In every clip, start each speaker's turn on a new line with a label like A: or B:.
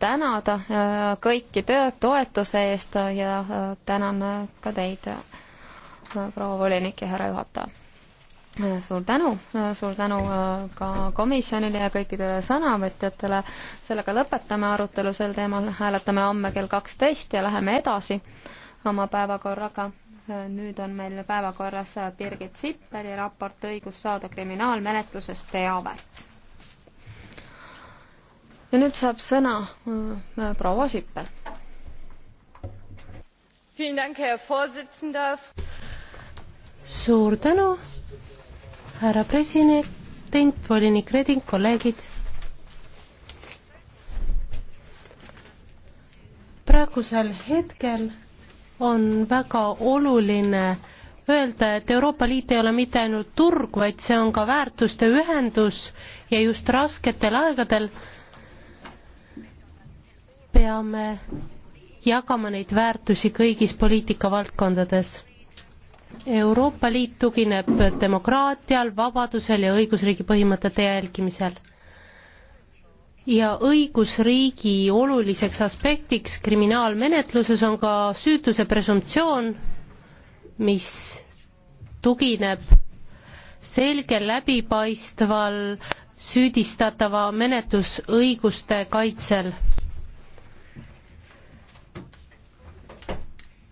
A: tänada äh, kõiki tööd toetuse eest ja äh, tänan äh, ka teid, proua volinik ja härra juhataja. suur tänu, suur tänu ka komisjonile ja kõikidele sõnavõtjatele. sellega lõpetame arutelu sel teemal, hääletame homme kell kaksteist ja läheme edasi oma päevakorraga. nüüd on meil päevakorras Birgit Sippeli raport õigus saada kriminaalmenetluses teavet ja nüüd saab sõna
B: äh, proua Sippel. suur tänu, härra president, volinik Reding, kolleegid. praegusel hetkel on väga oluline öelda, et Euroopa Liit ei ole mitte ainult turg, vaid see on ka väärtuste ühendus ja just rasketel aegadel peame jagama neid väärtusi kõigis poliitikavaldkondades. Euroopa Liit tugineb demokraatial, vabadusel ja õigusriigi põhimõtete jälgimisel. ja õigusriigi oluliseks aspektiks kriminaalmenetluses on ka süütuse presumptsioon, mis tugineb selgel läbipaistval süüdistatava menetlusõiguste kaitsel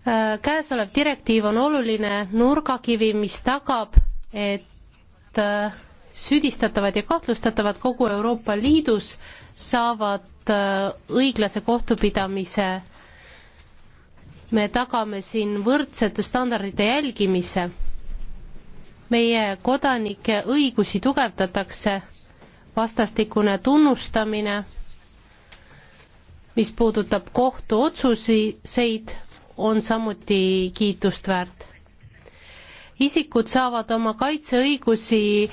B: Äh, käesolev direktiiv on oluline nurgakivi, mis tagab, et äh, süüdistatavad ja kahtlustatavad kogu Euroopa Liidus saavad äh, õiglase kohtupidamise. me tagame siin võrdsete standardite jälgimise. meie kodanike õigusi tugevdatakse, vastastikune tunnustamine, mis puudutab kohtuotsuseid, on samuti kiitust väärt. isikud saavad oma kaitseõigusi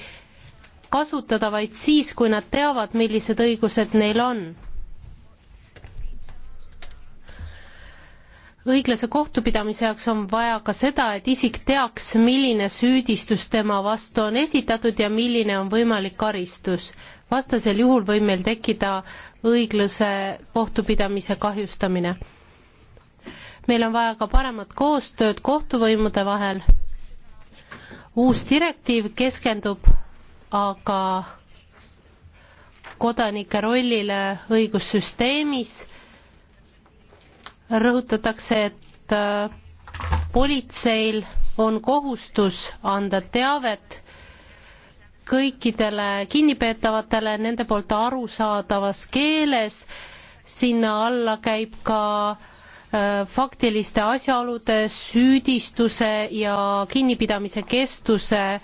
B: kasutada vaid siis, kui nad teavad, millised õigused neil on. õiglase kohtupidamise jaoks on vaja ka seda, et isik teaks, milline süüdistus tema vastu on esitatud ja milline on võimalik karistus. vastasel juhul võib meil tekkida õiglase kohtupidamise kahjustamine meil on vaja ka paremat koostööd kohtuvõimude vahel. uus direktiiv keskendub aga kodanike rollile õigussüsteemis. rõhutatakse, et äh, politseil on kohustus anda teavet kõikidele kinnipeetavatele nende poolt arusaadavas keeles, sinna alla käib ka Äh, faktiliste asjaolude, süüdistuse ja kinnipidamise kestuse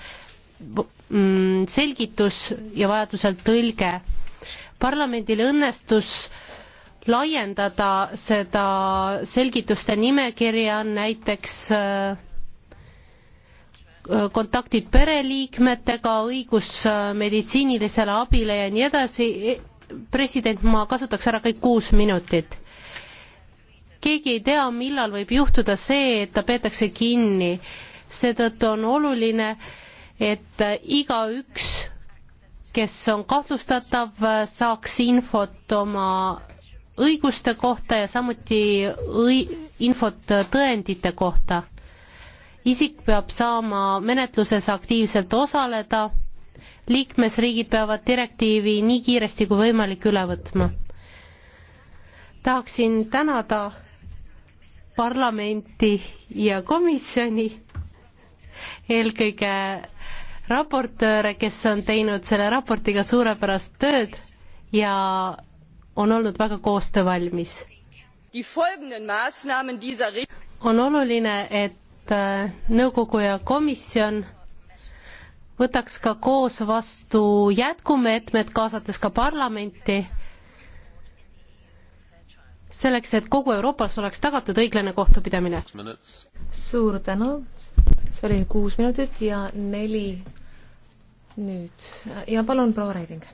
B: mm, selgitus ja vajadusel tõlge. parlamendil õnnestus laiendada seda selgituste nimekirja näiteks äh, kontaktid pereliikmetega, õigus äh, meditsiinilisele abile ja nii edasi. E, president, ma kasutaks ära kõik kuus minutit keegi ei tea, millal võib juhtuda see, et ta peetakse kinni. seetõttu on oluline, et igaüks, kes on kahtlustatav, saaks infot oma õiguste kohta ja samuti õi-, infot tõendite kohta. isik peab saama menetluses aktiivselt osaleda, liikmesriigid peavad direktiivi nii kiiresti kui võimalik üle võtma. tahaksin tänada parlamenti ja komisjoni, eelkõige raportööre, kes on teinud selle raportiga suurepärast tööd ja on olnud väga koostöövalmis. on oluline, et äh, nõukogu ja komisjon võtaks ka koos vastu jätkumeetmed, kaasates ka parlamenti selleks, et kogu Euroopas oleks tagatud õiglane kohtupidamine. suur
A: tänu, see oli kuus minutit ja neli nüüd ja palun, proua Reiding.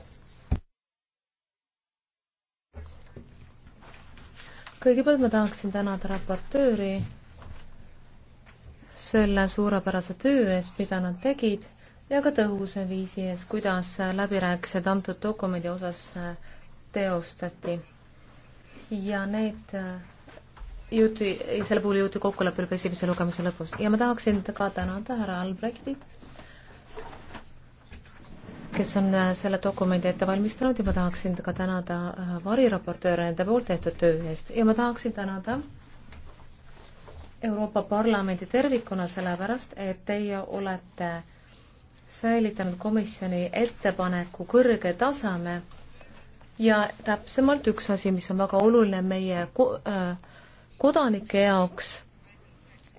A: kõigepealt ma tahaksin tänada raportööri selle suurepärase töö eest, mida nad tegid ja ka tõhusa viisi ees, kuidas läbirääkimised antud dokumendi osas äh, teostati ja need äh, jõuti, selle puhul jõuti kokkuleppele ka esimese lugemise lõpus ja ma tahaksin ka tänada härra Albrechti, kes on äh, selle dokumendi ette valmistanud ja ma tahaksin ka tänada äh, variraportööre nende poolt tehtud töö eest ja ma tahaksin tänada Euroopa Parlamendi tervikuna sellepärast, et teie olete säilitanud komisjoni ettepaneku kõrge taseme ja täpsemalt üks asi, mis on väga oluline meie ko-, äh, kodanike jaoks,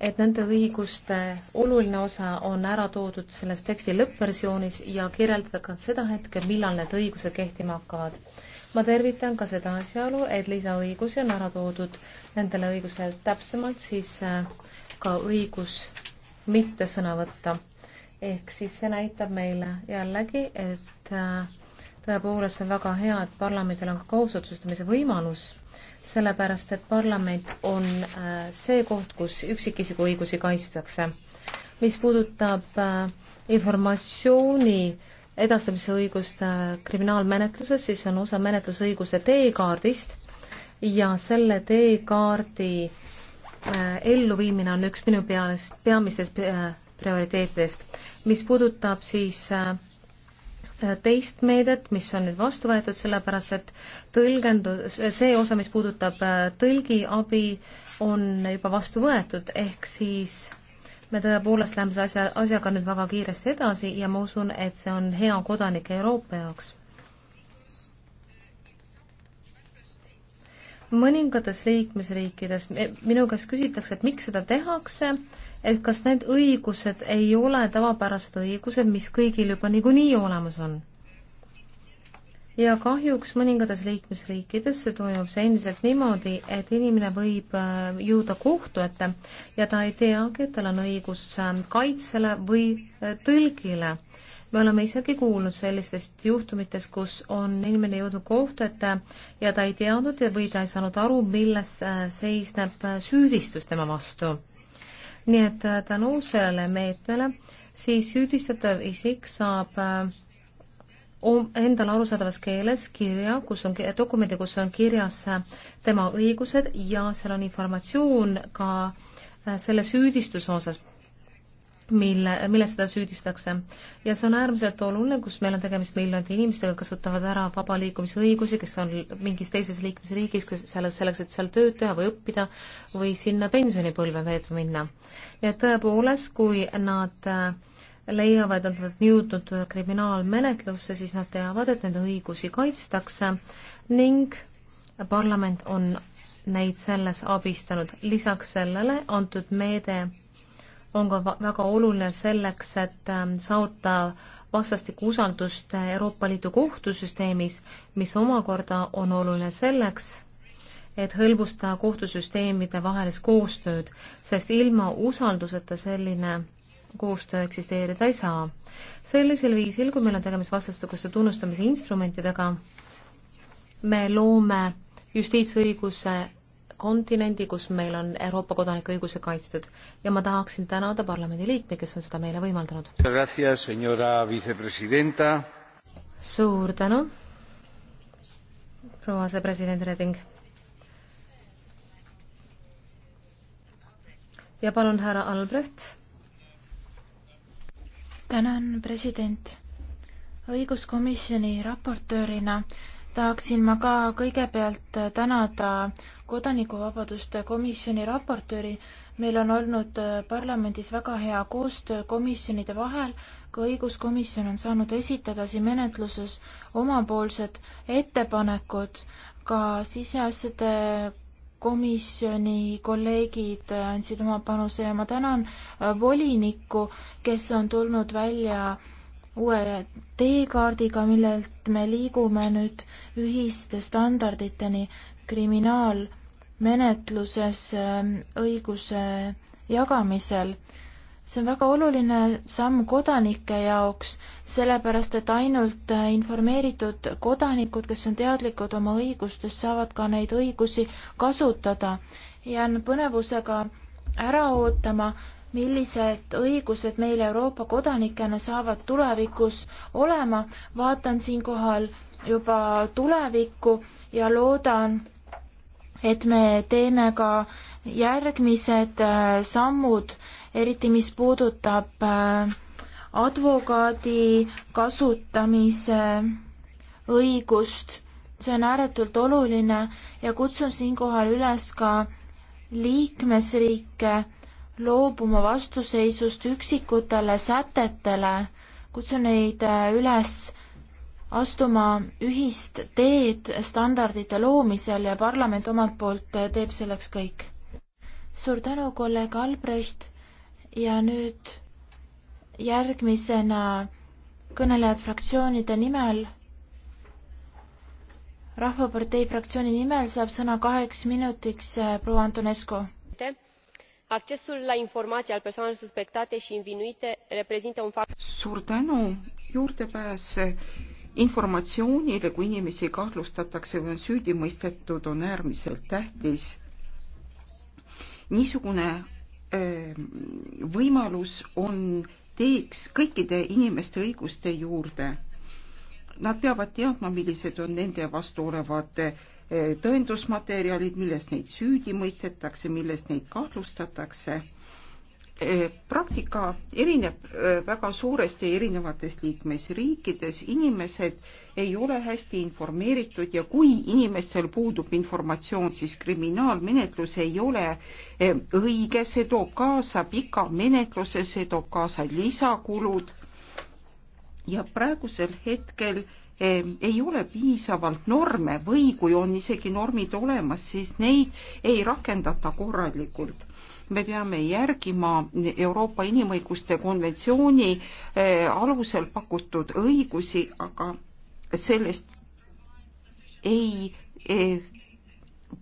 A: et nende õiguste oluline osa on ära toodud selles teksti lõppversioonis ja kirjeldada ka seda hetke, millal need õigused kehtima hakkavad. ma tervitan ka seda asjaolu, et lisaõigusi on ära toodud nendele õigusele täpsemalt siis äh, ka õigus mitte sõna võtta. ehk siis see näitab meile jällegi, et äh, tõepoolest on väga hea, et parlamendil on ka kaasotsustamise võimalus, sellepärast et parlament on äh, see koht, kus üksikisiku õigusi kaitstakse. mis puudutab äh, informatsiooni edastamise õigust äh, kriminaalmenetluses, siis on osa menetlusõiguste teekaardist ja selle teekaardi elluviimine on üks minu pealist, peamistest prioriteetidest. mis puudutab siis äh, teist meedet, mis on nüüd vastu võetud, sellepärast et tõlgendus, see osa, mis puudutab äh, tõlgiabi, on juba vastu võetud, ehk siis me tõepoolest läheme selle asja, asjaga nüüd väga kiiresti edasi ja ma usun, et see on hea kodanike Euroopa jaoks mõningates liikmesriikides minu käest küsitakse, et miks seda tehakse, et kas need õigused ei ole tavapärased õigused, mis kõigil juba niikuinii olemas on. ja kahjuks mõningates liikmesriikides see toimub see endiselt niimoodi, et inimene võib äh, jõuda kohtu ette ja ta ei teagi, et tal on õigus äh, kaitsele või äh, tõlgile me oleme isegi kuulnud sellistest juhtumitest, kus on inimene jõudnud kohtu ette ja ta ei teadnud või ta ei saanud aru, milles äh, seisneb äh, süüdistus tema vastu. nii et äh, tänu sellele meetmele siis süüdistatav isik saab endale arusaadavas keeles kirja, kus on dokumendi, kus on kirjas tema õigused ja seal on informatsioon ka selle süüdistuse osas mille, milles seda süüditakse. ja see on äärmiselt oluline, kus meil on tegemist miljonite inimestega, kasutavad ära vaba liikumise õigusi, kes on mingis teises liikmesriigis, kes selles, selleks, et seal tööd teha või õppida või sinna pensionipõlve veetma minna. nii et tõepoolest, kui nad äh, leiavad, et nad on jõudnud kriminaalmenetlusse, siis nad teavad, et nende õigusi kaitstakse ning parlament on neid selles abistanud. lisaks sellele antud meede on ka väga oluline selleks, et ähm, saata vastastikku usaldust Euroopa Liidu kohtusüsteemis, mis omakorda on oluline selleks, et hõlbusta kohtusüsteemide vahelist koostööd, sest ilma usalduseta selline koostöö eksisteerida ei saa. sellisel viisil, kui meil on tegemist vastastikuste tunnustamise instrumentidega, me loome justiitsõiguse kontinendi, kus meil on Euroopa kodanike õiguse kaitstud ja ma tahaksin tänada parlamendi liikme, kes on seda meile võimaldanud. suur tänu, proua asepresident Reding.
C: ja palun, härra Albrecht. tänan, president. õiguskomisjoni raportöörina tahaksin ma ka kõigepealt tänada kodanikuvabaduste komisjoni raportööri. meil on olnud äh, parlamendis väga hea koostöö komisjonide vahel, ka õiguskomisjon on saanud esitada siin menetluses omapoolsed ettepanekud, ka siseasjade komisjoni kolleegid äh, andsid oma panuse ja ma tänan äh, volinikku, kes on tulnud välja äh, uue teekaardiga, millelt me liigume nüüd ühiste standarditeni kriminaalmenetluses ähm, õiguse jagamisel. see on väga oluline samm kodanike jaoks, sellepärast et ainult äh, informeeritud kodanikud, kes on teadlikud oma õigustest, saavad ka neid õigusi kasutada. jään põnevusega ära ootama, millised õigused meil Euroopa kodanikena saavad tulevikus olema, vaatan siinkohal juba tulevikku ja loodan, et me teeme ka järgmised äh, sammud, eriti mis puudutab äh, advokaadi kasutamise õigust, see on ääretult oluline ja kutsun siinkohal üles ka liikmesriike loobuma vastuseisust üksikutele sätetele. kutsun neid äh, üles astuma ühist teed standardite loomisel ja parlament omalt poolt äh, teeb selleks kõik. suur tänu, kolleeg Albrecht ja nüüd järgmisena kõnelejad fraktsioonide nimel. rahvapartei fraktsiooni nimel saab sõna kaheks minutiks äh, proua Antonescu.
B: aitäh accesul la informaii al persoanelor suspectate i învinuite reprezintă un factor. suur
D: tänu juurdepääs informatsioonile kui inimesi kahtlustatakse või on süüdi mõistetud on äärmiselt tähtis niisugune võimalus on teeks kõikide inimeste õiguste juurde nad peavad teadma millised on nende vastu olevad tõendusmaterjalid, milles neid süüdi mõistetakse, milles neid kahtlustatakse. E, praktika erineb e, väga suuresti erinevates liikmesriikides, inimesed ei ole hästi informeeritud ja kui inimestel puudub informatsioon, siis kriminaalmenetlus ei ole e, õige, see toob kaasa pika menetluse, see toob kaasa lisakulud ja praegusel hetkel äh, ei ole piisavalt norme või kui on isegi normid olemas, siis neid ei rakendata korralikult. me peame järgima Euroopa Inimõiguste konventsiooni eh, alusel pakutud õigusi, aga sellest ei eh,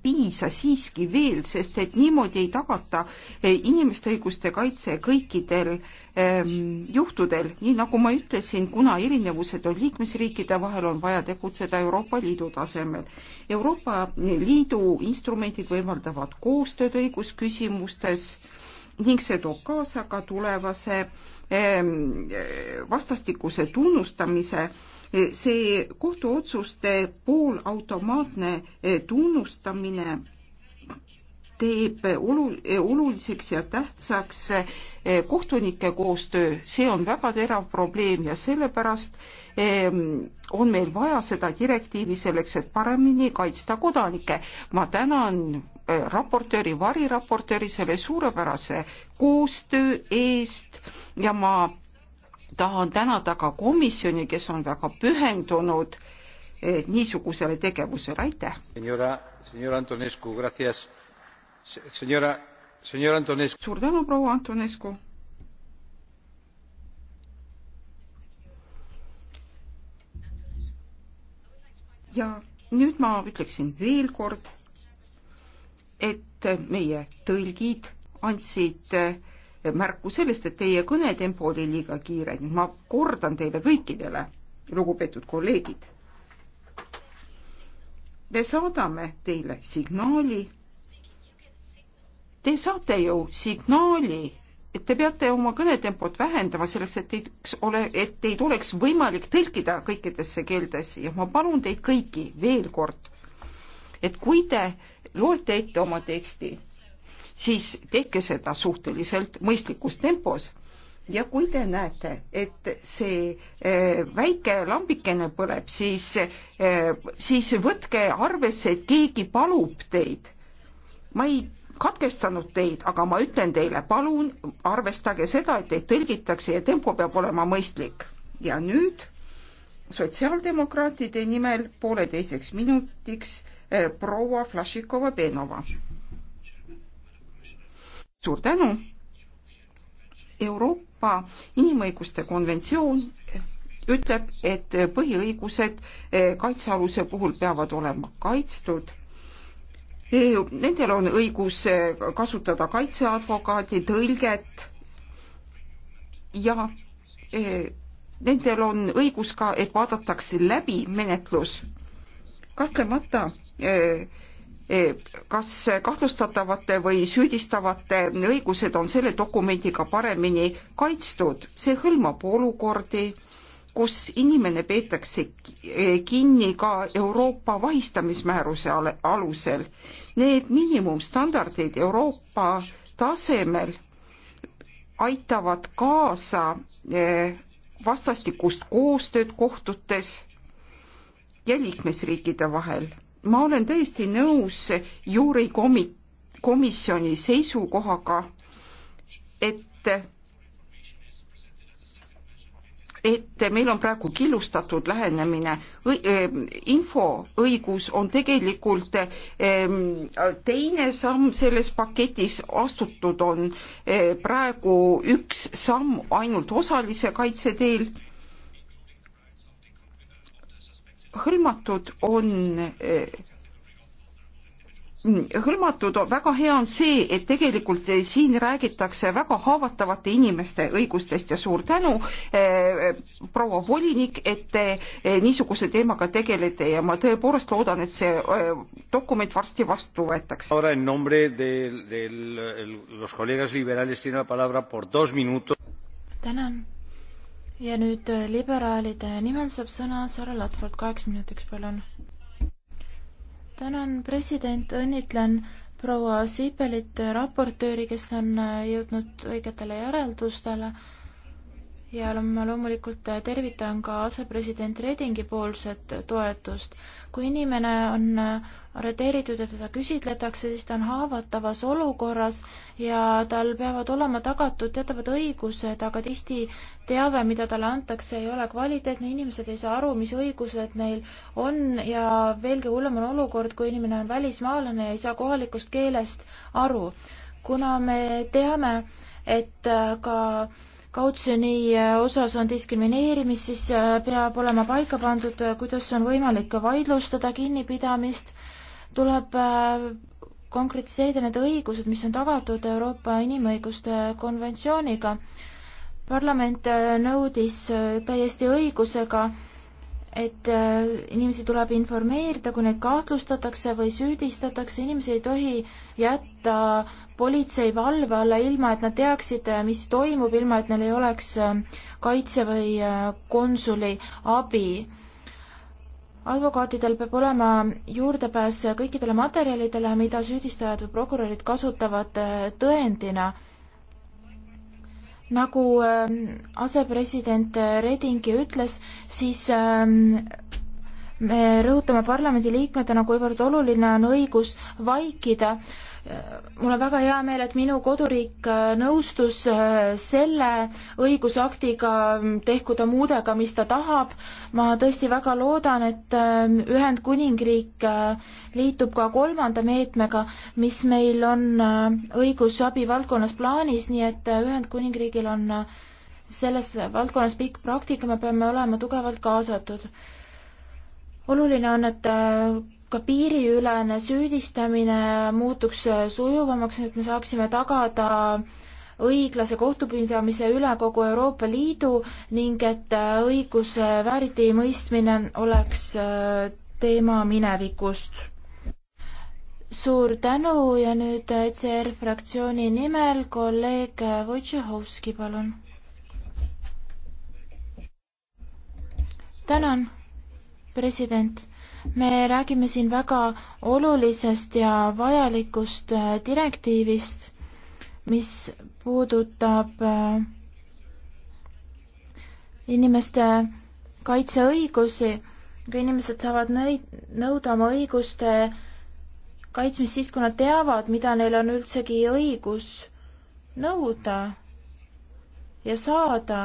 D: piisa siiski veel, sest et niimoodi ei tagata eh, inimeste õiguste kaitse kõikidel ähm, juhtudel, nii nagu ma ütlesin, kuna erinevused on liikmesriikide vahel, on vaja tegutseda Euroopa Liidu tasemel. Euroopa Liidu instrumendid võimaldavad koostööd õigusküsimustes ning see toob kaasa ka tulevase ähm, vastastikuse tunnustamise äh, Eh, see kohtuotsuste poolautomaatne eh, tunnustamine teeb eh, olul-, oluliseks ja tähtsaks kohtunike koostöö, see on väga terav probleem ja sellepärast ehm, on meil vaja seda direktiivi selleks, et paremini kaitsta kodanikke. ma tänan raportööri, variraportööri selle suurepärase koostöö eest ja ma tahan tänada ka komisjoni, kes on väga pühendunud eh, niisugusele tegevusele, aitäh. suur tänu, proua Antonescu. ja nüüd ma ütleksin veel kord, et meie tõlgid andsid äh, märku sellest, et teie kõnetempo oli liiga kiire ning ma kordan teile kõikidele, lugupeetud kolleegid. me saadame teile signaali. Te saate ju signaali, et te peate oma kõnetempot vähendama selleks, et teid ole, et teid oleks võimalik tõlkida kõikidesse keeldesse ja ma palun teid kõiki veel kord, et kui te loete ette oma teksti siis tehke seda suhteliselt mõistlikus tempos ja kui te näete, et see eh, väike lambikene põleb, siis, eh, siis võtke arvesse, et keegi palub teid. ma ei katkestanud teid, aga ma ütlen teile, palun arvestage seda, et teid tõlgitakse ja tempo peab olema mõistlik. ja nüüd sotsiaaldemokraatide nimel pooleteiseks minutiks eh, proua Flašikova-Benova suur tänu. Euroopa Inimõiguste Konventsioon ütleb, et põhiõigused eh, kaitsealuse puhul peavad olema kaitstud. Eh, nendel on õigus eh, kasutada kaitseadvokaadi, tõlget ja nendel on õigus ka, et vaadatakse läbi menetlus. kahtlemata Eh, kas kahtlustatavate või süüdistatavate õigused on selle dokumendiga paremini kaitstud, see hõlmab olukordi, kus inimene peetakse eh, kinni ka Euroopa vahistamismääruse alusel. Need miinimumstandardid Euroopa tasemel aitavad kaasa eh, vastastikust koostööd kohtutes ja liikmesriikide vahel ma olen täiesti nõus juurikomi-, komisjoni seisukohaga, et, et meil on praegu killustatud lähenemine. Ehm, infoõigus on tegelikult ehm, teine samm selles paketis, astutud on eh, praegu üks samm ainult osalise kaitse teel hõlmatud on eh, hõlmatud, väga hea on see, et tegelikult siin räägitakse väga haavatavate inimeste õigustest ja suur tänu eh,, proua volinik, et te eh, niisuguse teemaga tegelete ja ma tõepoolest loodan, et see eh, dokument varsti vastu võetakse. Ahora en nombre de, de los colegas liberales tiene la palabra por dos minutos.
C: tänan ja nüüd äh, liberaalide nimel saab sõna Sara Latvolt kaheks minutiks, palun. tänan, president, õnnitlen proua Siibelit, raportööri, kes on äh, jõudnud õigetele järeldustele ja ma loomulikult tervitan ka asepresident Redingi poolset toetust. kui inimene on arreteeritud ja teda küsitletakse, siis ta on haavatavas olukorras ja tal peavad olema tagatud teatavad õigused, aga tihti teave, mida talle antakse, ei ole kvaliteetne, inimesed ei saa aru, mis õigused neil on ja veelgi hullem on olukord, kui inimene on välismaalane ja ei saa kohalikust keelest aru. kuna me teame, et ka äh, kautsjoni äh, osas on diskrimineerimist, siis äh, peab olema paika pandud, äh, kuidas on võimalik vaidlustada kinnipidamist, tuleb konkretiseerida need õigused, mis on tagatud Euroopa Inimõiguste konventsiooniga. parlament nõudis täiesti õigusega, et inimesi tuleb informeerida, kui neid kahtlustatakse või süüdistatakse, inimesi ei tohi jätta politsei valve alla, ilma et nad teaksid, äh, mis toimub, ilma et neil ei oleks äh, kaitse või äh, konsuli abi. advokaatidel peab olema juurdepääs kõikidele materjalidele, mida süüdistajad või prokurörid kasutavad tõendina. nagu ähm, asepresident Redingi ütles, siis ähm, me rõhutame parlamendiliikmetena, kuivõrd oluline on õigus vaikida mul on väga hea meel, et minu koduriik äh, nõustus äh, selle õigusaktiga, mm, tehku ta muudega, mis ta tahab. ma tõesti väga loodan, et äh, Ühendkuningriik liitub ka kolmanda meetmega, mis meil on õigusabi valdkonnas plaanis, nii et Ühendkuningriigil on selles valdkonnas pikk praktika, me peame olema tugevalt kaasatud. oluline on, et ka piiriülene süüdistamine muutuks sujuvamaks, et me saaksime tagada õiglase kohtupidamise üle kogu Euroopa Liidu ning et õiguse vääritimõistmine oleks äh, teema minevikust. suur tänu ja nüüd ECR fraktsiooni nimel kolleeg Wojciechowski, palun. tänan, president me räägime siin väga olulisest ja vajalikust äh, direktiivist, mis puudutab äh, inimeste kaitseõigusi, kui inimesed saavad nõid, nõuda oma õiguste kaitsmist siis, kui nad teavad, mida neil on üldsegi õigus nõuda ja saada.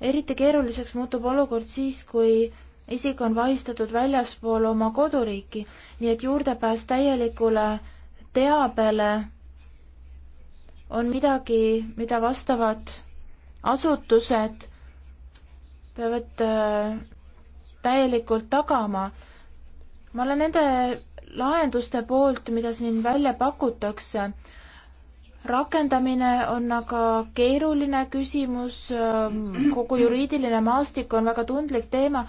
C: eriti keeruliseks muutub olukord siis, kui isik on vahistatud väljaspool oma koduriiki, nii et juurdepääs täielikule teabele on midagi, mida vastavad asutused peavad äh, täielikult tagama. ma olen nende lahenduste poolt, mida siin välja pakutakse. rakendamine on aga keeruline küsimus, äh, kogu juriidiline maastik on väga tundlik teema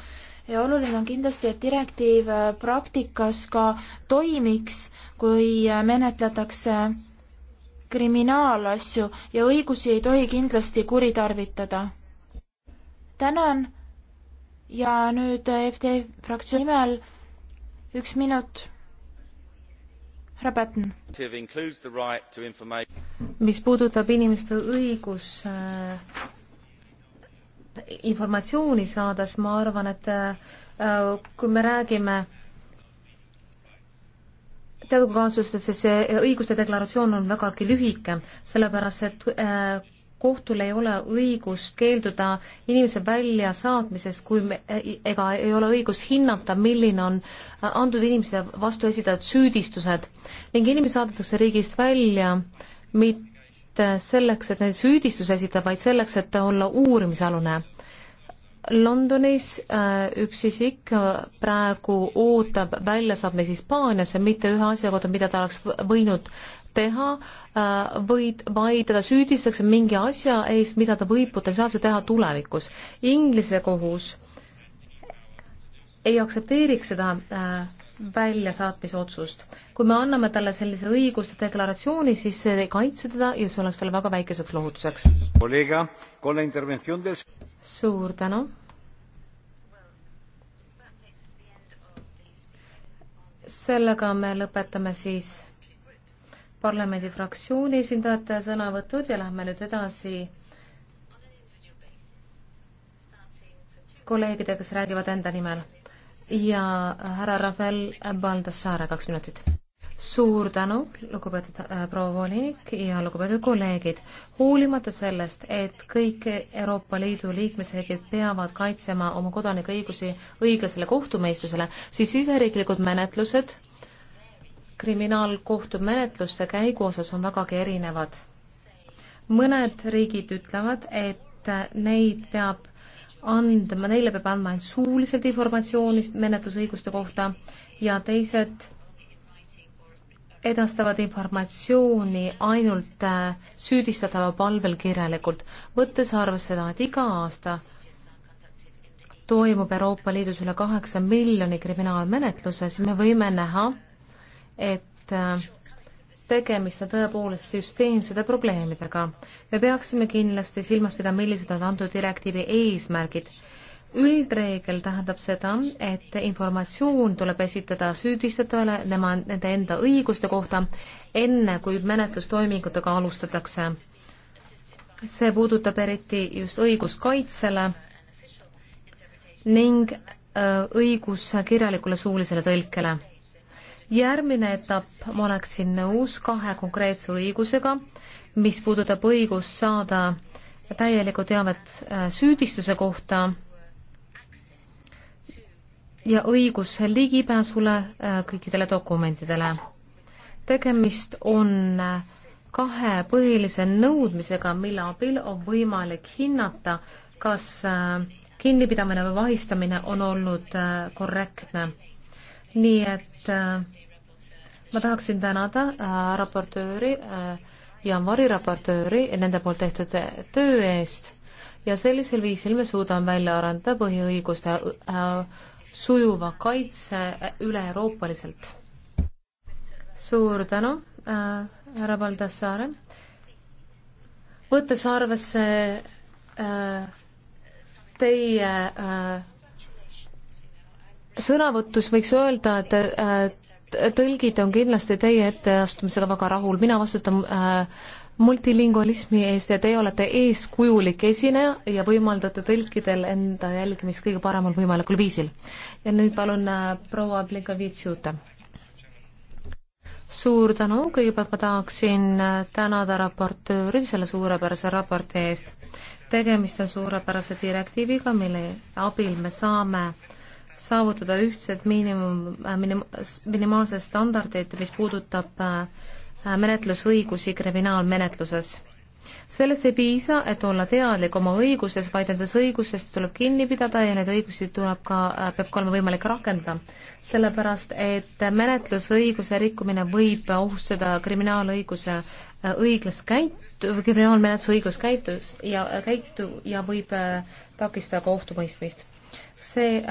C: ja oluline on kindlasti, et direktiiv äh, praktikas ka toimiks, kui äh, menetletakse kriminaalasju ja õigusi ei tohi kindlasti kuritarvitada. tänan ja nüüd äh, FD fraktsiooni nimel üks minut. härra Pätten. mis puudutab inimeste õigus äh,
A: informatsiooni saada, siis ma arvan, et äh, kui me räägime teaduskaaslustest, siis see õiguste deklaratsioon on vägagi lühike, sellepärast et äh, kohtul ei ole õigust keelduda inimese väljasaatmisest, kui me, äh, ega ei ole õigust hinnata, milline on antud inimese vastu esitatud süüdistused ning inimene saadetakse riigist välja mit-, mitte selleks, et neid süüdistusi esitada, vaid selleks, et olla uurimisalune. Londonis äh, üks isik äh, praegu ootab väljasaatmist Hispaaniasse mitte ühe asja kohta, mida ta oleks võinud teha, äh, vaid, vaid teda süüdistatakse mingi asja eest, mida ta võib potentsiaalselt teha tulevikus. Inglise kohus ei aktsepteeriks seda äh, väljasaatmisotsust. kui me anname talle sellise õiguste deklaratsiooni, siis see ei kaitse teda ja see oleks talle väga väikeseks lohutuseks. Del... suur tänu. sellega me lõpetame siis parlamendi fraktsiooni esindajate sõnavõtud ja lähme nüüd edasi kolleegidega, kes räägivad enda nimel ja härra Rafael Baldassare, kaks minutit. suur tänu, lugupeetud äh, proua volinik ja lugupeetud kolleegid. hoolimata sellest, et kõik Euroopa Liidu liikmesriigid peavad kaitsema oma kodanike õigusi õiglasele kohtumõistusele, siis siseriiklikud menetlused kriminaalkohtumenetluste käigu osas on vägagi erinevad. mõned riigid ütlevad, et neid peab andma, neile peab andma ainult suuliselt informatsiooni menetlusõiguste kohta ja teised edastavad informatsiooni ainult äh, süüdistatava palvel kirjalikult, võttes arvesse seda, et iga aasta toimub Euroopa Liidus üle kaheksa miljoni kriminaalmenetluse, siis me võime näha, et äh, tegemist on tõepoolest süsteemsete probleemidega. me peaksime kindlasti silmas pidama, millised on antud direktiivi eesmärgid. üldreegel tähendab seda, et informatsioon tuleb esitada süüdistatavale tema, nende enda õiguste kohta, enne kui menetlustoimingutega alustatakse. see puudutab eriti just õiguskaitsele ning äh, õigus kirjalikule suulisele tõlkele järgmine etapp, ma oleksin nõus kahe konkreetse õigusega, mis puudutab õigust saada täielikku teavet äh, süüdistuse kohta ja õigus ligipääsule äh, kõikidele dokumentidele. tegemist on äh, kahe põhilise nõudmisega, mille abil on võimalik hinnata, kas kinnipidamine või vahistamine on olnud korrektne nii et äh, ma tahaksin tänada äh, raportööri äh, ja variraportööri nende poolt tehtud töö eest ja sellisel viisil me suudame välja arendada põhiõiguste sujuva kaitse üle-euroopaliselt. suur tänu, härra Baldassare. võttes arvesse äh, teie äh, sõnavõtus võiks öelda, et äh, tõlgid on kindlasti teie etteastumisega väga rahul, mina vastutan äh, multilingualismi eest ja teie olete eeskujulik esineja ja võimaldate tõlkidel enda jälgimist kõige paremal võimalikul viisil. ja nüüd palun äh, proua Plinkovitš-Juta. suur tänu, kõigepealt ma tahaksin äh, tänada raportööri selle suurepärase raporti eest. tegemist on suurepärase direktiiviga, mille abil me saame äh, saavutada ühtsed miinimum, äh, minim-, minimaalsed standardid, mis puudutab äh, menetlusõigusi kriminaalmenetluses. sellest ei piisa, et olla teadlik oma õiguses, vaid nendest õigustest tuleb kinni pidada ja neid õigusi tuleb ka, äh, peab ka olema võimalik rakendada. sellepärast, et menetlusõiguse rikkumine võib ohustada kriminaalõiguse õiglast käitu, kriminaalmenetluse õiglast käitust ja, käitu ja võib takistada ka ohtumõistmist. see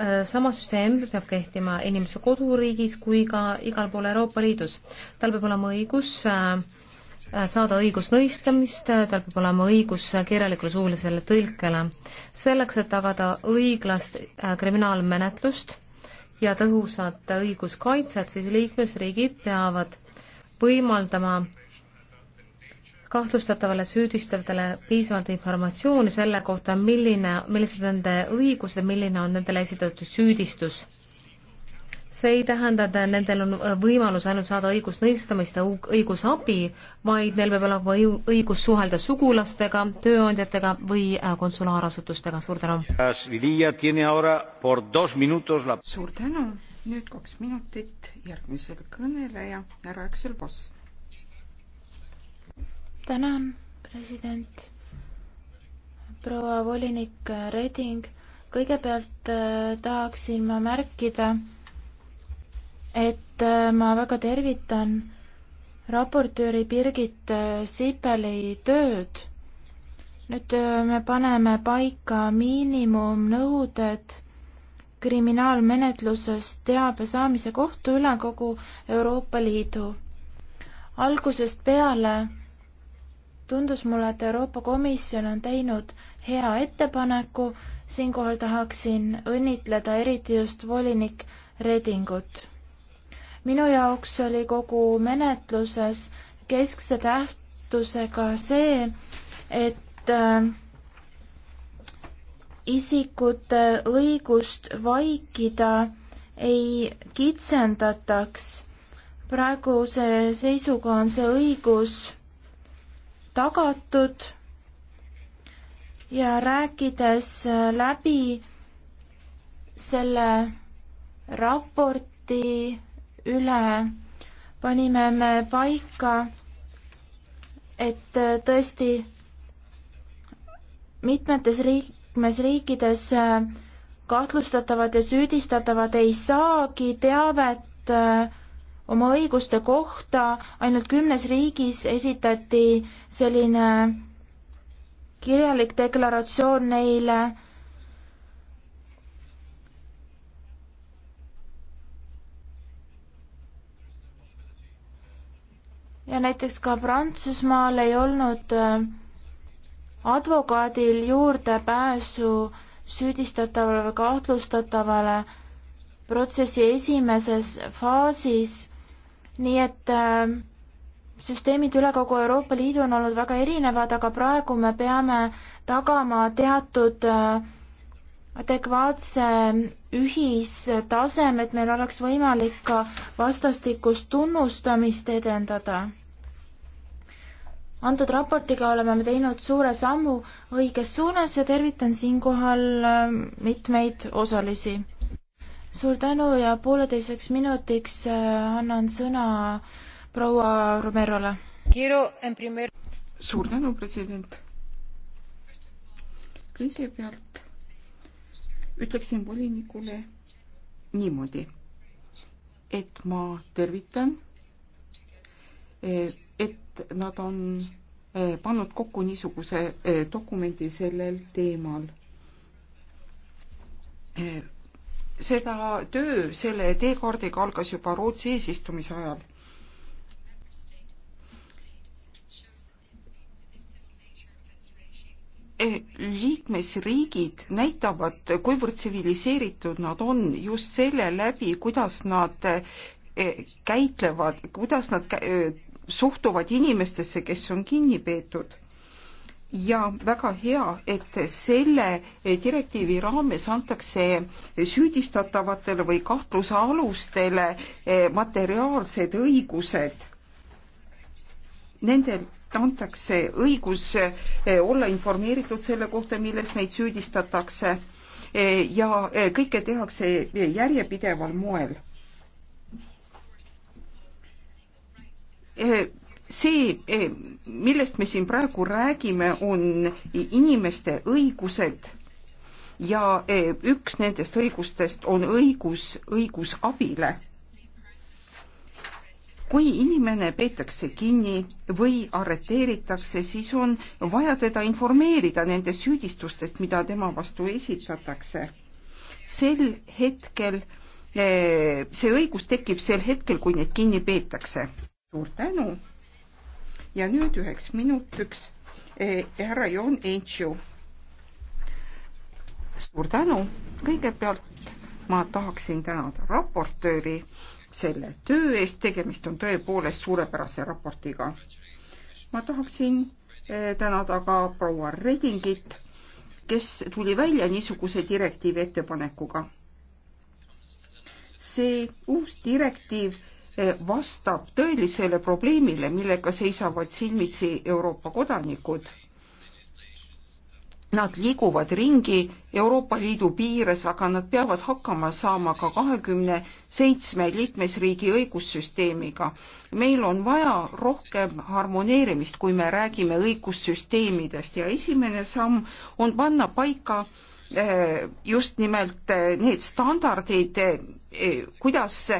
A: Äh, sama süsteem peab kehtima inimese koduriigis kui ka igal pool Euroopa Liidus. tal peab olema õigus äh, äh, saada õigusnõistamist, tal peab olema õigus kirjalikule suulisele tõlkele, selleks et tagada õiglast kriminaalmenetlust ja tõhusat õiguskaitset, siis liikmesriigid peavad võimaldama kahtlustatavale süüdistatavale piisavalt informatsiooni selle kohta, milline, millised on nende õigused, milline on nendele esitatud süüdistus. see ei tähenda, et nendel on võimalus ainult saada õigusnõistamist ja õigusabi, vaid neil peab olema õigus suhelda sugulastega, tööandjatega või äh, konsulaarasutustega. suur tänu!
D: suur tänu! nüüd kaks minutit järgmisel kõneleja, härra Aksel Boss tänan, president.
C: proua volinik Reding, kõigepealt äh, tahaksin ma märkida, et äh, ma väga tervitan raportööri Birgit äh, Sipeli tööd. nüüd me paneme paika miinimumnõuded kriminaalmenetluses teabe saamise kohta üle kogu Euroopa Liidu. algusest peale tundus mulle, et Euroopa Komisjon on teinud hea ettepaneku, siinkohal tahaksin õnnitleda eriti just volinik Redingut. minu jaoks oli kogu menetluses keskse tähtsusega see, et äh, isikute õigust vaikida ei kitsendataks. praeguse seisuga on see õigus tagatud ja rääkides läbi selle raporti üle, panime me paika, et tõesti mitmetes liikmesriikides kahtlustatavad ja süüdistatavad ei saagi teavet äh, oma õiguste kohta ainult kümnes riigis esitati selline kirjalik deklaratsioon neile. ja näiteks ka Prantsusmaal ei olnud äh, advokaadil juurdepääsu süüdistatavale või kahtlustatavale protsessi esimeses faasis nii et äh, süsteemid üle kogu Euroopa Liidu on olnud väga erinevad, aga praegu me peame tagama teatud äh, adekvaatse ühistaseme, et meil oleks võimalik ka vastastikust tunnustamist edendada. antud raportiga oleme me teinud suure sammu õiges suunas ja tervitan siinkohal äh, mitmeid osalisi suur tänu ja pooleteiseks minutiks äh, annan sõna proua Romerole.
D: suur tänu, president. kõigepealt ütleksin volinikule niimoodi, et ma tervitan, eh, et nad on eh, pannud kokku niisuguse eh, dokumendi sellel teemal seda töö selle teekaardiga algas juba Rootsi eesistumise ajal. E, liikmesriigid näitavad, kuivõrd tsiviliseeritud nad on just selle läbi, kuidas nad e, käitlevad, kuidas nad e, suhtuvad inimestesse, kes on kinni peetud ja väga hea, et selle direktiivi raames antakse süüdistatavatele või kahtluse alustele eh, materiaalsed õigused. Nendel antakse õigus eh, olla informeeritud selle kohta, milles neid süüdistatakse eh, ja kõike tehakse järjepideval moel see, eh, millest me siin praegu räägime, on inimeste õigused ja eh, üks nendest õigustest on õigus, õigus abile. kui inimene peetakse kinni või arreteeritakse, siis on vaja teda informeerida nendest süüdistustest, mida tema vastu esitatakse. sel hetkel, eh, see õigus tekib sel hetkel, kui neid kinni peetakse. suur tänu ja nüüd üheks minutiks eh, härra Jon Entšu. suur tänu, kõigepealt ma tahaksin tänada raportööri selle töö eest, tegemist on tõepoolest suurepärase raportiga. ma tahaksin eh, tänada ka proua Redingit, kes tuli välja niisuguse direktiivi ettepanekuga. see uus direktiiv vastab tõelisele probleemile, millega seisavad silmitsi Euroopa kodanikud. Nad liiguvad ringi Euroopa Liidu piires, aga nad peavad hakkama saama ka kahekümne seitsme liikmesriigi õigussüsteemiga. meil on vaja rohkem harmoneerimist, kui me räägime õigussüsteemidest ja esimene samm on panna paika eh, just nimelt eh, need standardid, eh, E, kuidas e,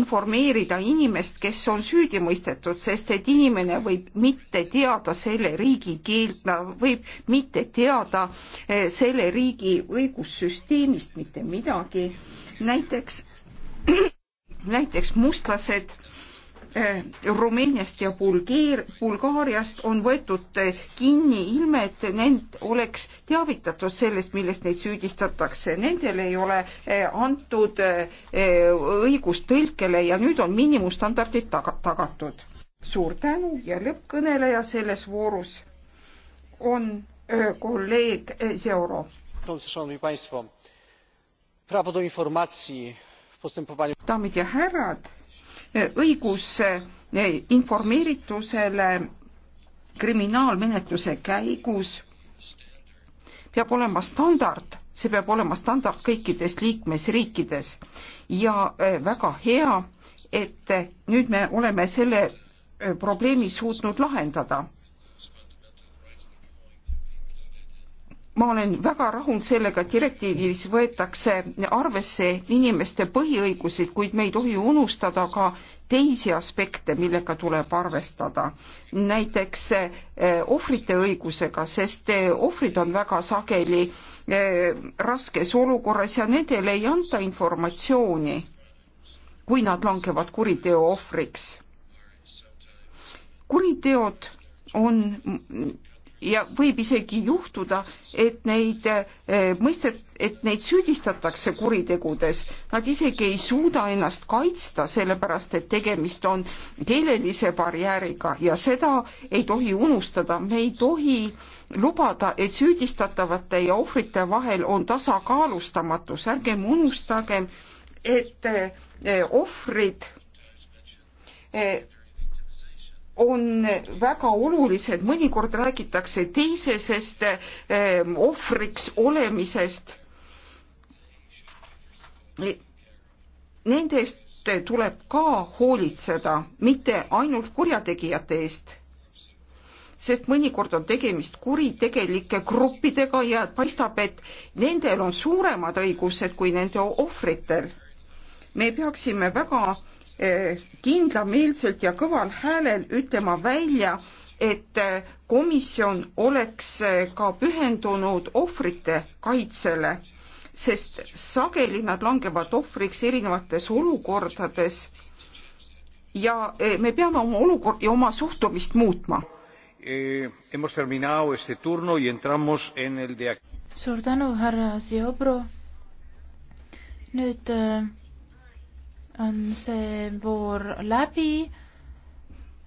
D: informeerida inimest, kes on süüdi mõistetud, sest et inimene võib mitte teada selle riigi keelt, ta võib mitte teada e, selle riigi õigussüsteemist mitte midagi. näiteks, näiteks mustlased Eh, Rumeeniast ja Bulgeer, Bulgaariast on võetud eh, kinni ilme, et nend oleks teavitatud sellest, millest neid süüdistatakse. Nendele ei ole eh, antud õigust tõlkele ja nüüd on miinimumstandardid taga, tagatud. suur tänu ja lõppkõneleja selles voorus on kolleeg Zeuro. daamid ja härrad õigus informeeritusele kriminaalmenetluse käigus peab olema standard, see peab olema standard kõikides liikmesriikides ja äh, väga hea, et äh, nüüd me oleme selle äh, probleemi suutnud lahendada ma olen väga rahul sellega, et direktiivis võetakse arvesse inimeste põhiõigusid, kuid me ei tohi unustada ka teisi aspekte, millega tuleb arvestada. näiteks eh, ohvrite õigusega, sest eh, ohvrid on väga sageli eh, raskes olukorras ja nendele ei anta informatsiooni, kui nad langevad kuriteo ohvriks. kuriteod on ja võib isegi juhtuda, et neid eh, mõistet, et neid süüdistatakse kuritegudes. Nad isegi ei suuda ennast kaitsta, sellepärast et tegemist on keelelise barjääriga ja seda ei tohi unustada. me ei tohi lubada, et süüdistatavate ja ohvrite vahel on tasakaalustamatus. ärgem unustagem, et eh, eh, ohvrid eh, on väga olulised, mõnikord räägitakse teisesest ehm, ohvriks olemisest. E, nendest tuleb ka hoolitseda, mitte ainult kurjategijate eest. sest mõnikord on tegemist kuritegelike gruppidega ja paistab, et nendel on suuremad õigused kui nende ohvritel. me peaksime väga kindlameelselt ja kõval häälel ütlema välja, et komisjon oleks ka pühendunud ohvrite kaitsele, sest sageli nad langevad ohvriks erinevates olukordades ja eh, me peame oma olukorda ja oma suhtumist muutma. Eh,
C: suur tänu, härra Ziobro. nüüd äh on see voor läbi.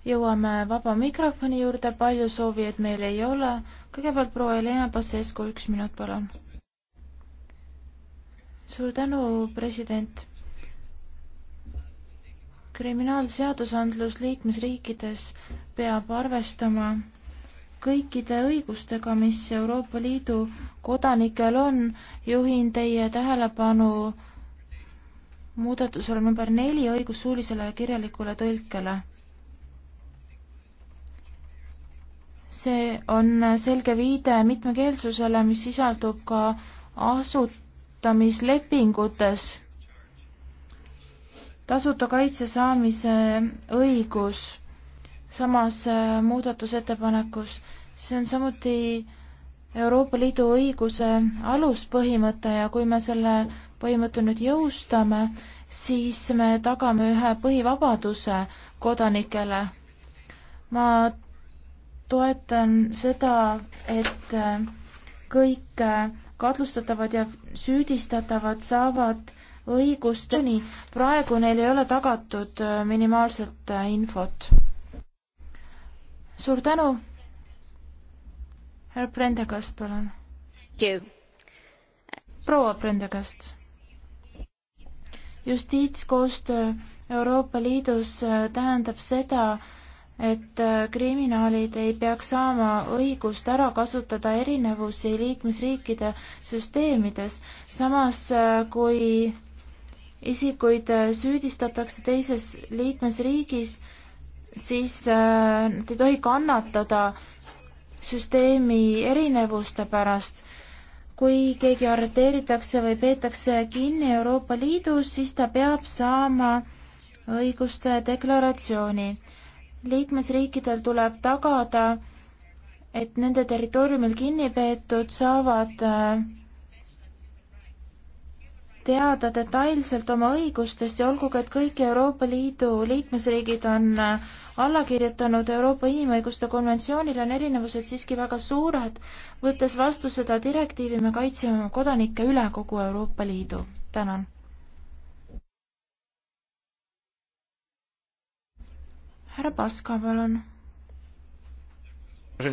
C: jõuame vaba mikrofoni juurde, palju soovijaid meil ei ole. kõigepealt proua Helena Pasescu, üks minut, palun. suur tänu, president. kriminaalseadusandlus liikmesriikides peab arvestama kõikide õigustega, mis Euroopa Liidu kodanikel on, juhin teie tähelepanu muudatusele number neli õigus suulisele ja kirjalikule tõlkele. see on selge viide mitmekeelsusele, mis sisaldub ka asutamislepingutes. tasuta kaitse saamise õigus samas äh, muudatusettepanekus, see on samuti Euroopa Liidu õiguse aluspõhimõte ja kui me selle põhimõte nüüd jõustame, siis me tagame ühe põhivabaduse kodanikele. ma toetan seda, et kõik kahtlustatavad ja süüdistatavad saavad õigust, nii praegu neil ei ole tagatud minimaalset infot. suur tänu. härra Prendekast, palun. proua Prendekast justiitskoostöö Euroopa Liidus äh, tähendab seda, et äh, kriminaalid ei peaks saama õigust ära kasutada erinevusi liikmesriikide süsteemides, samas äh, kui isikuid süüdistatakse teises liikmesriigis, siis nad ei tohi kannatada süsteemi erinevuste pärast kui keegi arreteeritakse või peetakse kinni Euroopa Liidus, siis ta peab saama õiguste deklaratsiooni. liikmesriikidel tuleb tagada, et nende territooriumil kinni peetud saavad äh, teada detailselt oma õigustest ja olgugi, et kõik Euroopa Liidu liikmesriigid on äh, alla kirjutanud Euroopa Inimõiguste konventsioonile, on erinevused siiski väga suured. võttes vastu seda direktiivi, me kaitseme oma kodanikke üle kogu Euroopa Liidu. tänan. härra Paska, palun. Äh,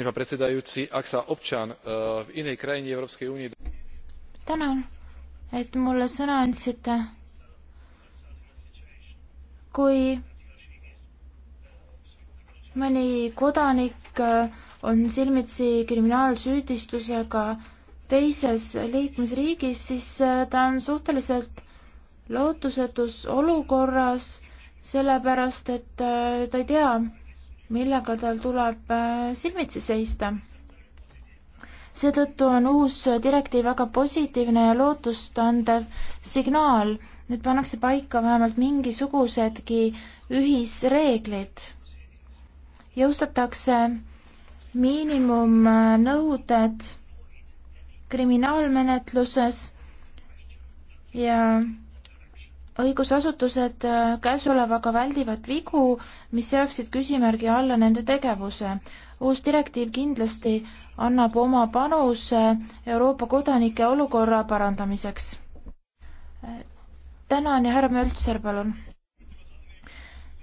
C: tänan et mulle sõna andsite. kui mõni kodanik äh, on silmitsi kriminaalsüüdistusega teises liikmesriigis, siis äh, ta on suhteliselt lootusetus olukorras, sellepärast et äh, ta ei tea, millega tal tuleb silmitsi seista seetõttu on uus direktiiv väga positiivne ja lootustandev signaal. nüüd pannakse paika vähemalt mingisugusedki ühisreeglid. jõustatakse miinimumnõuded kriminaalmenetluses ja õigusasutused käesolevaga väldivad vigu, mis seaksid küsimärgi alla nende tegevuse. uus direktiiv kindlasti annab oma panuse Euroopa kodanike olukorra parandamiseks. tänan ja härra Möltser, palun.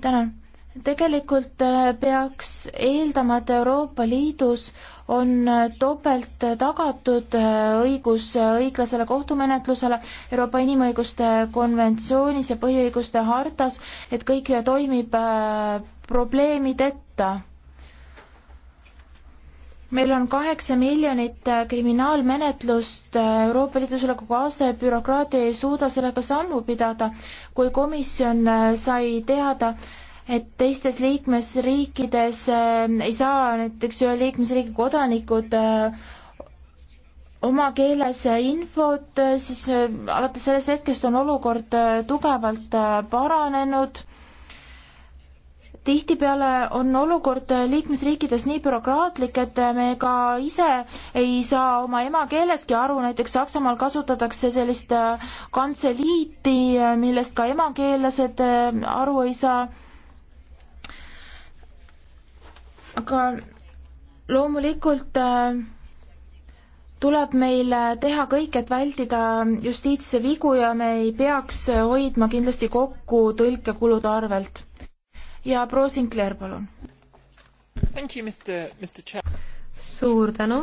C: tänan. tegelikult äh, peaks eeldama, et Euroopa Liidus on äh, topelt tagatud äh, õigus õiglasele kohtumenetlusele Euroopa Inimõiguste konventsioonis ja põhiõiguste hartas, et kõik toimib probleemideta meil on kaheksa miljonit äh, kriminaalmenetlust äh, Euroopa Liidus üle kogu aasta ja bürokraatia ei suuda sellega sammu pidada. kui komisjon äh, sai teada, et teistes liikmesriikides ei saa näiteks ühe liikmesriigi kodanikud oma keeles infot, siis alates sellest hetkest on olukord tugevalt paranenud tihtipeale on olukord liikmesriikides nii bürokraatlik, et me ka ise ei saa oma emakeeleski aru, näiteks Saksamaal kasutatakse sellist äh, kantseliiti, äh, millest ka emakeellased äh, aru ei saa. aga loomulikult tuleb meil teha kõik, et vältida justiitsvigu ja me ei peaks hoidma kindlasti kokku tõlkekulude arvelt ja proua Sinclair, palun. suur tänu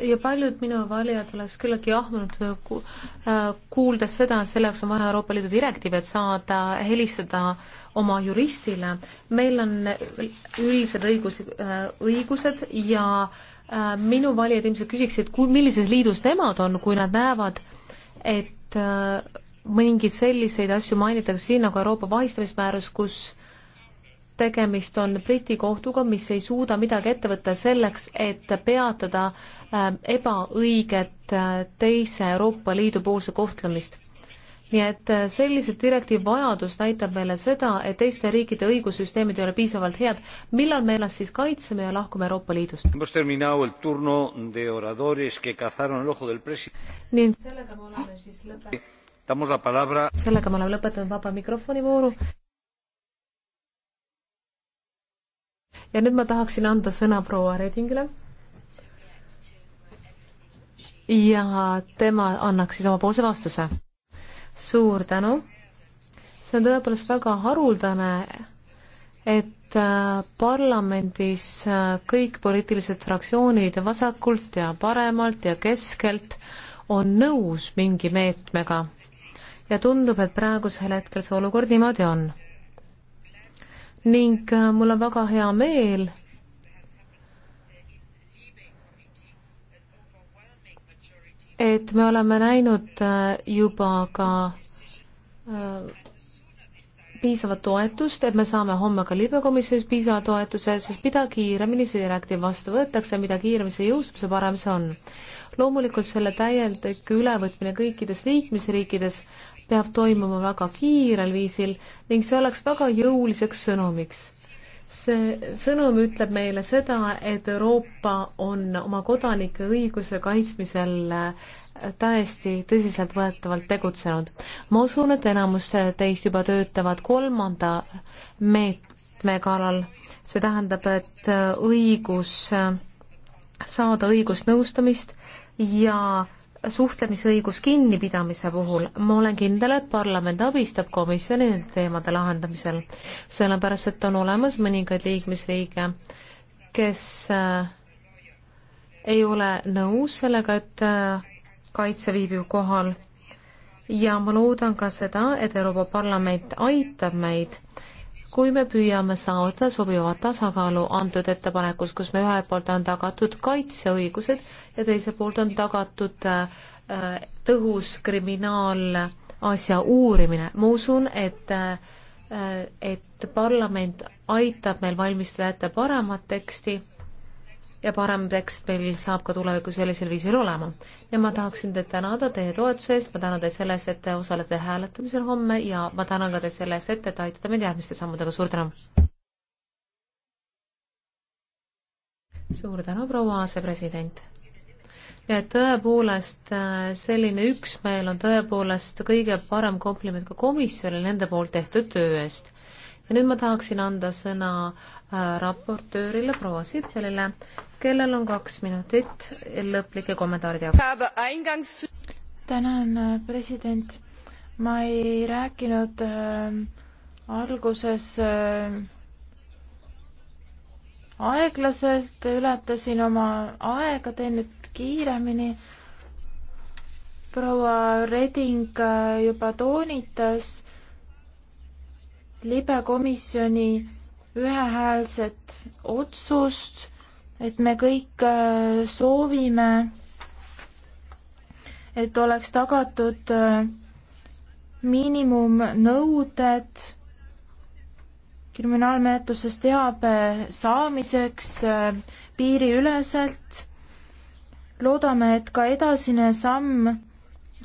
C: ja paljud minu
A: valijad oleks küllaltki ahmunud, äh, kuuldes seda, et selleks on vaja Euroopa Liidu direktiivi, et saada helistada oma juristile. meil on üldised õigus, äh, õigused ja äh, minu valijad ilmselt küsiksid, millises liidus nemad on, kui nad näevad, et mõningaid selliseid asju mainitakse siin nagu Euroopa vahistamismäärus, kus tegemist on Briti kohtuga, mis ei suuda midagi ette võtta selleks, et peatada ähm, ebaõiget äh, teise Euroopa Liidu poolse kohtlemist. nii et äh, sellise direktiivi vajadus näitab meile seda, et teiste riikide õigussüsteemid ei ole piisavalt head. millal me ennast siis kaitseme ja lahkume Euroopa Liidust? ning sellega me oleme siis
D: lõpetanud,
A: sellega me oleme lõpetanud vaba mikrofoni vooru. ja nüüd ma tahaksin anda sõna proua Redingile. ja tema annaks siis omapoolse vastuse. suur tänu. see on tõepoolest väga haruldane, et äh, parlamendis äh, kõik poliitilised fraktsioonid vasakult ja paremalt ja keskelt on nõus mingi meetmega. ja tundub, et praegusel hetkel see olukord niimoodi on ning äh, mul on väga hea meel, et me oleme näinud äh, juba ka äh, piisavat toetust, et me saame homme ka libekomisjonis piisava toetuse, sest mida kiiremini see direktiiv vastu võetakse, mida kiiremini see jõustub, see parem see on. loomulikult selle täielik ülevõtmine kõikides liikmesriikides peab toimuma väga kiirel viisil ning see oleks väga jõuliseks sõnumiks. see sõnum ütleb meile seda, et Euroopa on oma kodanike õiguse kaitsmisel äh, täiesti tõsiseltvõetavalt tegutsenud. ma usun, et enamus teist juba töötavad kolmanda meetme kallal, see tähendab, et äh, õigus äh, saada õigusnõustamist ja äh, suhtlemisõigus kinnipidamise puhul ma olen kindel, et parlament abistab komisjoni nende teemade lahendamisel, sellepärast et on olemas mõningaid liikmesriike, kes äh, ei ole nõus sellega, et äh, kaitse viibib kohal ja ma loodan ka seda, et Euroopa Parlament aitab meid kui me püüame saada sobivat tasakaalu antud ettepanekus, kus me ühelt poolt on tagatud kaitseõigused ja teiselt poolt on tagatud äh, tõhus kriminaalasja uurimine. ma usun, et, äh, et parlament aitab meil valmistada ette paremat teksti ja parem tekst meil saab ka tulevikus sellisel viisil olema. ja ma tahaksin teid tänada teie toetuse eest, ma tänan teid selle eest, et te osalete hääletamisel homme ja ma tänan ka teid selle eest, et te aitate meid järgmiste sammudega, suur tänu! suur tänu, proua asepresident! ja et tõepoolest selline üksmeel on tõepoolest kõige parem kompliment ka komisjonile nende poolt tehtud töö eest. ja nüüd ma tahaksin anda sõna raportöörile proua Sippelile, kellel on kaks minutit lõplike kommentaaride
C: jaoks. tänan, president. ma ei rääkinud äh, alguses äh, aeglaselt, ületasin oma aega, teen nüüd kiiremini. proua Reding äh, juba toonitas libekomisjoni ühehäälset otsust, et me kõik äh, soovime, et oleks tagatud äh, miinimumnõuded kriminaalmenetluses teabe saamiseks äh, piiriüleselt. loodame, et ka edasine samm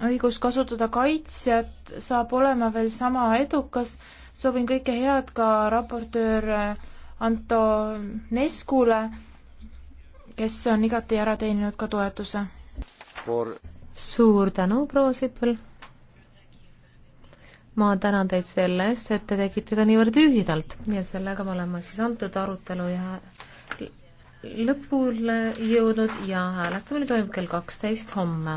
C: õigus kasutada kaitsjat saab olema veel sama edukas soovin kõike head ka raportöör Anto Neskule, kes on igati ära teeninud ka toetuse For.... suur tänu, proua Sipel! ma
A: tänan teid selle eest, et te tegite ka niivõrd lühidalt ja sellega me oleme siis antud arutelu ja lõpule jõudnud ja hääletamine toimub kell kaksteist homme.